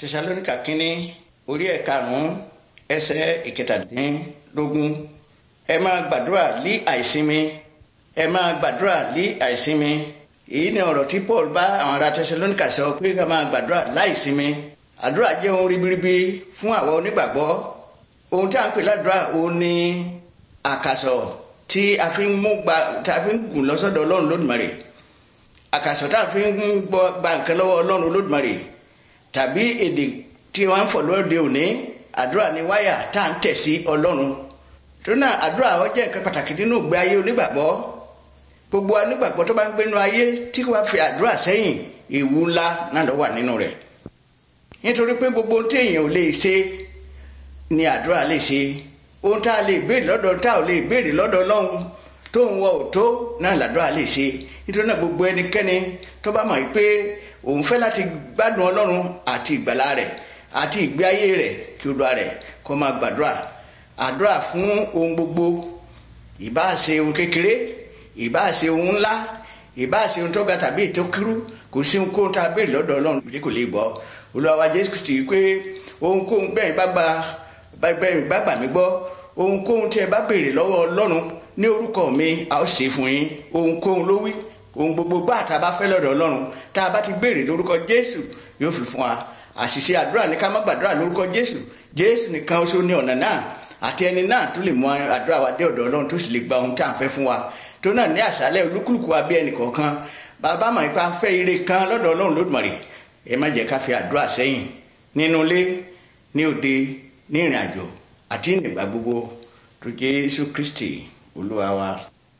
tẹsalónìkà kínní orí ẹ̀ karùn-ún ẹsẹ̀ ìkẹtàdínlógún ẹ máa gbàdúrà lí àìsinmi ẹ máa gbàdúrà lí àìsinmi èyí ni ọ̀rọ̀ tí Paul bá àwọn ará tẹsalónìkà sọ pé ká máa gbàdúrà láìsinmi àdúrà jẹ́ ohun ribiribi fún àwa onígbàgbọ́ ohun tí a ń pè ládùúrà òun ni àkàsọ̀ tí a fi ń mú gba tí a fi ń gùn lọ́sọ̀dọ̀ ọlọ́run lódùmarè àkàsọ̀ tá a fi ń gbọ́ gba nǹkan lọ́wọ́ ọlọ́run lódùmarè tàbí èdè tí wọ́n ń fọ̀ lóde òní àdúrà ni wáyà tá à ń tẹ̀ sí ọlọ́run torí náà àdúrà ó jẹ́ nǹkan pàtàkì nínú ìgbé ayé onígbàgbọ́ gbogbo onígbàgbọ́ tó bá ń gbénu ayé tí wọ́n fi àdúrà sẹ́yìn ewu ńlá náà ló wà nínú rẹ̀ nítorí pé gbogbo ohun tí èèyàn ò lè ṣe ni àdúrà lè ṣe ohun tá a lè béèrè lọ́dọ̀ tá a ò lè béèrè lọ́dọ̀ ọlọ́run tó ń wọ òtó náà làdúrà lè ṣe nítorí náà gbogbo ẹnikẹ́ni tó bá mọ̀ pé òun fẹ́ láti gbádùn ọlọ́run àti ìgbàlá rẹ̀ àti ìgbé ayé rẹ̀ kí olúwa rẹ̀ kó máa gbàdúrà àdúrà fún ohun gbogbo ìbáà ṣe ohun kékeré ìbáà ṣe ohun ńlá ìbáà ṣe ohun tó ga tàbí ètò kúrú kò sí ohunkóhun tá a béèrè lọ́dọ̀ ọlọ́run bí kò lè gbọ́ olúwa wa jésù kristi pé ohunkóhun bẹ́ẹ̀ bẹ́ẹ̀ bá gbà mí gbọ́ ohunkóhun tí ẹ bá béèrè lọ́wọ́ ọlọ́run ní orúkọ mi a ó ṣe fún yín ohunkóhun ló wí ohun gbogbo gbà tá a bá fẹ́ lọ́dọ̀ ọlọ́run tá a bá ti béèrè lórúkọ jésù yóò fi fún wa àṣìṣe àdúrà ní ká má gbàdúrà lórúkọ jésù jésù nìkan ó ṣó ní ọ̀nà náà àti ẹni náà tó lè mú àdúrà wa dé ọ̀dọ̀ ọlọ́run tó sì lè gba ohun tá à ń fẹ́ fún wa tó náà ní àṣálẹ́ olúkúlùkù wa bí ẹnì kọ̀ọ̀kan bàbá mọ̀ nípa fẹ́ ire kan lọ́dọ̀ ọlọ́run lódùmarè ẹ má jẹ́ ká fi àdúrà sẹ́yìn nínú ilé ní òde ní ìrìn àjò àti ìnìgbà gbogbo tó jésù kristi olúwa wa.